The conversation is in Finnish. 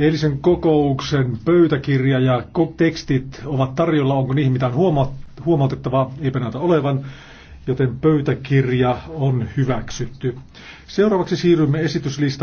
Eilisen kokouksen pöytäkirja ja tekstit ovat tarjolla. Onko niihin mitään huomautettavaa? Eipä näytä olevan, joten pöytäkirja on hyväksytty. Seuraavaksi siirrymme esityslistaan.